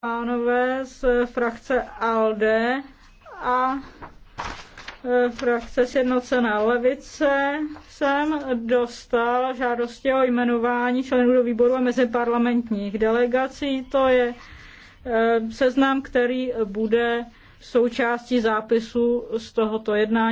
pánové z frakce ALDE a e, frakce Sjednocená levice jsem dostal žádosti o jmenování členů do výboru a meziparlamentních delegací. To je e, seznam, který bude součástí zápisu z tohoto jednání.